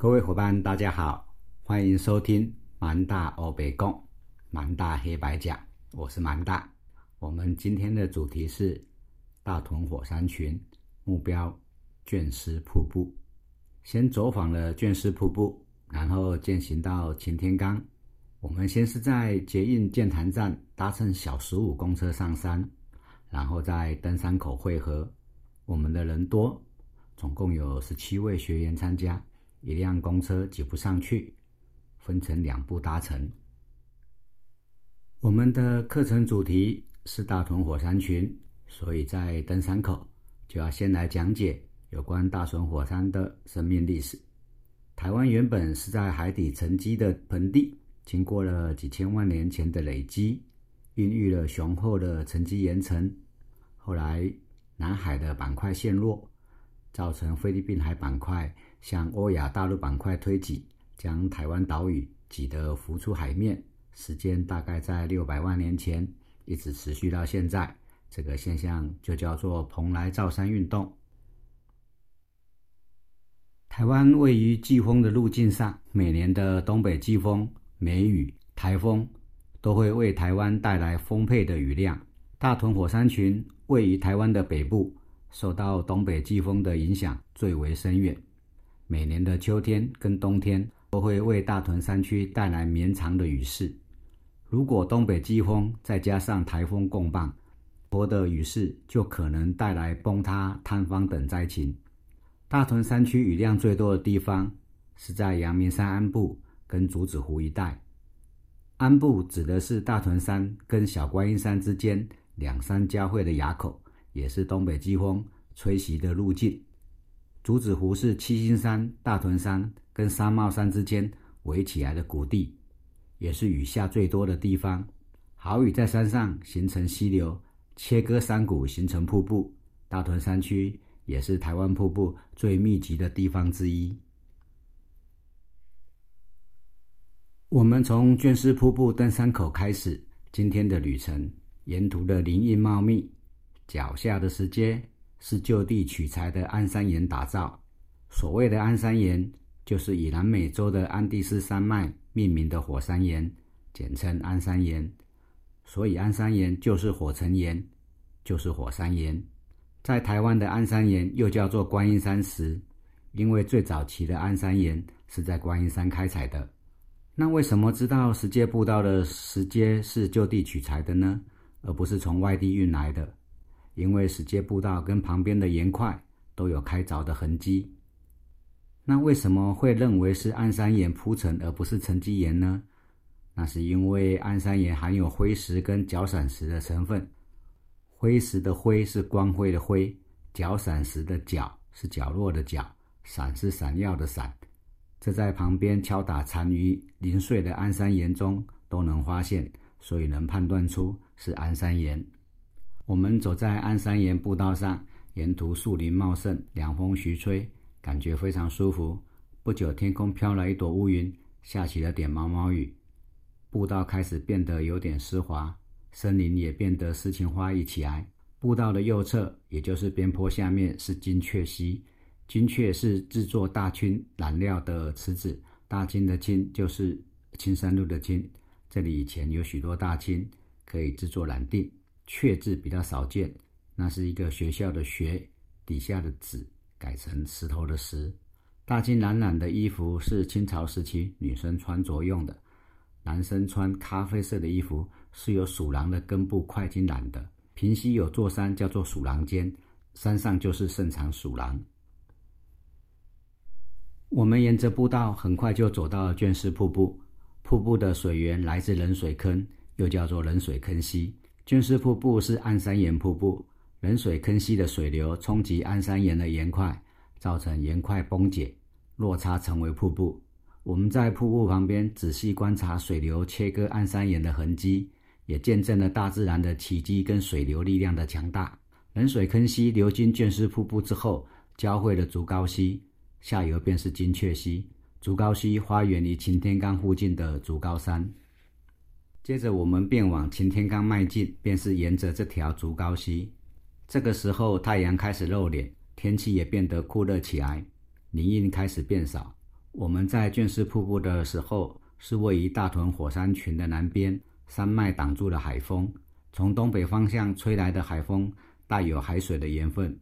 各位夥伴，大家好，歡迎收聽蠻大歐北貢，蠻大黑白講，我是蠻大。我們今天的主題是大屯火山群，目標絹絲瀑布。先走訪了絹絲瀑布，然後健行到擎天崗。我們先是在捷運劍潭站搭乘小十五公車上山，然後在登山口匯合。我們的人多，總共有十七位學員參加。一輛公車擠不上去，分成兩步搭乘。我們的課程主題是大屯火山群，所以在登山口就要先來講解有關大屯火山的生命歷史。台灣原本是在海底沉積的盆地，經過了幾千萬年前的累積，孕育了雄厚的沉積岩層。後來南海的板塊陷落，造成菲律賓海板塊。向歐亞大陸板塊推擠，將台灣島嶼擠得浮出海面，時間大概在六百萬年前，一直持續到現在。這個現象就叫做蓬萊造山運動。台灣位於季風的路徑上，每年的東北季風、梅雨、颱風都會為台灣帶來豐沛的雨量。大屯火山群位於台灣的北部，受到東北季風的影響最為深遠。每年的秋天跟冬天都會為大屯山區帶來綿長的雨勢。如果東北季風再加上台風共伴，多的雨勢就可能帶來崩塌、塌方等災情。大屯山區雨量最多的地方是在陽明山鞍部跟竹子湖一帶。鞍部指的是大屯山跟小觀音山之間兩山交匯的埡口，也是東北季風吹襲的路徑。竹子湖是七星山、大屯山跟紗帽山之間圍起來的谷地，也是雨下最多的地方。好雨在山上形成溪流，切割山谷形成瀑布。大屯山區也是台灣瀑布最密集的地方之一。我們從絹絲瀑布登山口開始今天的旅程，沿途的林蔭茂密，腳下的石階。是就地取材的安山岩打造。所謂的安山岩，就是以南美洲的安第斯山脈命名的火山岩，簡稱安山岩。所以，安山岩就是火成岩，就是火山岩。在台灣的安山岩又叫做觀音山石，因為最早期的安山岩是在觀音山開採的。那為什麼知道石階步道的石階是就地取材的呢？而不是從外地運來的？因為石階步道跟旁邊的岩塊都有開鑿的痕跡，那為什麼會認為是安山岩鋪成而不是沉積岩呢？那是因為安山岩含有輝石跟角閃石的成分，輝石的輝是光輝的輝，角閃石的角是角落的角，閃是閃耀的閃，這在旁邊敲打殘餘零碎的安山岩中都能發現，所以能判斷出是安山岩。我們走在安山岩步道上，沿途樹林茂盛，涼風徐吹，感覺非常舒服。不久，天空飄了一朵烏雲，下起了點毛毛雨，步道開始變得有點濕滑，森林也變得詩情畫意起來。步道的右側，也就是邊坡下面，是菁礐溪。菁礐是制作大菁染料的池子，大菁的菁就是菁山路的菁。這裡以前有許多大菁，可以制作染錠。“礐”字比較少見，那是一個學校的“學”底下的“子”改成石頭的“石”。大菁藍染的衣服是清朝時期女生穿着用的，男生穿咖啡色的衣服是由薯榔的根部塊莖染的。平溪有座山叫做薯榔尖，山上就是盛產薯榔。我們沿着步道很快就走到了絹絲瀑布，瀑布的水源來自冷水坑，又叫做冷水坑溪。絹絲瀑布是安山岩瀑布，冷水坑溪的水流衝擊安山岩的岩塊，造成岩塊崩解，落差成為瀑布。我們在瀑布旁邊仔細觀察水流切割安山岩的痕跡，也見證了大自然的奇跡跟水流力量的強大。冷水坑溪流經絹絲瀑布之後，交匯了竹篙溪，下游便是菁礐溪。竹篙溪發源於擎天崗附近的竹篙山。接着我們便往擎天岡邁進，便是沿着這條竹篙溪。這個時候，太陽開始露臉，天氣也變得酷熱起來，林蔭開始變少。我們在絹絲瀑布的時候，是位於大屯火山群的南邊，山脈擋住了海風，從東北方向吹來的海風帶有海水的鹽分，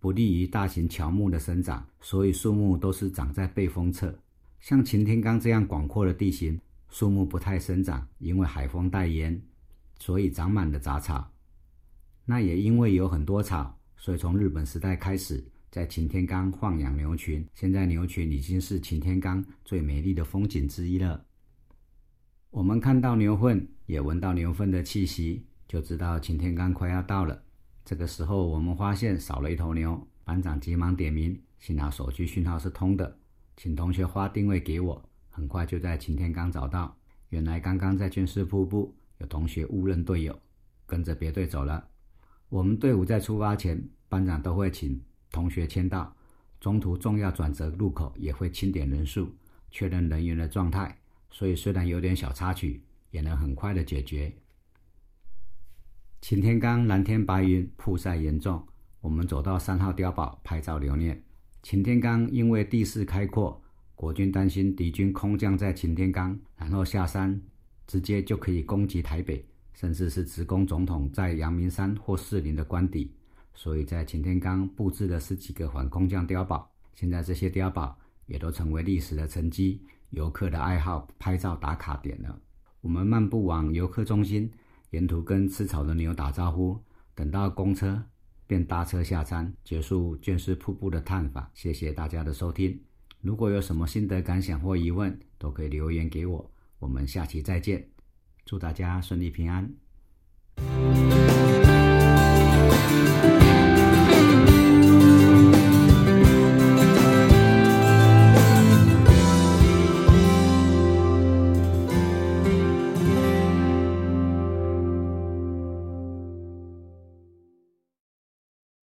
不利於大型喬木的生長，所以樹木都是長在背風側。像擎天岡這樣廣闊的地形，樹木不太生長，因為海風帶鹽，所以長滿了雜草。那也因為有很多草，所以從日本時代開始，在擎天崗放養牛群。現在牛群已經是擎天崗最美麗的風景之一了。我們看到牛糞，也聞到牛糞的氣息，就知道擎天崗快要到了。這個時候，我們發現少了一頭牛，班長急忙點名，幸好手機，信號是通的，請同學發定位給我。很快就在擎天崗找到，原來剛剛在絹絲瀑布有同學誤認隊友，跟着別隊走了。我們隊伍在出發前，班長都會請同學簽到，中途重要轉折路口也會清點人數，確認人員的狀態。所以雖然有點小插曲，也能很快的解決。擎天崗藍天白雲，曝曬嚴重，我們走到三號碉堡拍照留念。擎天崗因為地勢開闊，國軍擔心敵軍空降在擎天崗，然後下山，直接就可以攻擊台北，甚至是直攻總統在陽明山或士林的官邸，所以在擎天崗布置了十幾個反空降碉堡。現在這些碉堡也都成為歷史的沉積，遊客的愛好拍照打卡點了。我們漫步往遊客中心，沿途跟吃草的牛打招呼，等到公車便搭車下山，結束絹絲瀑布的探訪。謝謝大家的收聽。如果有什麼心得感想或疑問，都可以留言給我。我們下期再見，祝大家順利平安。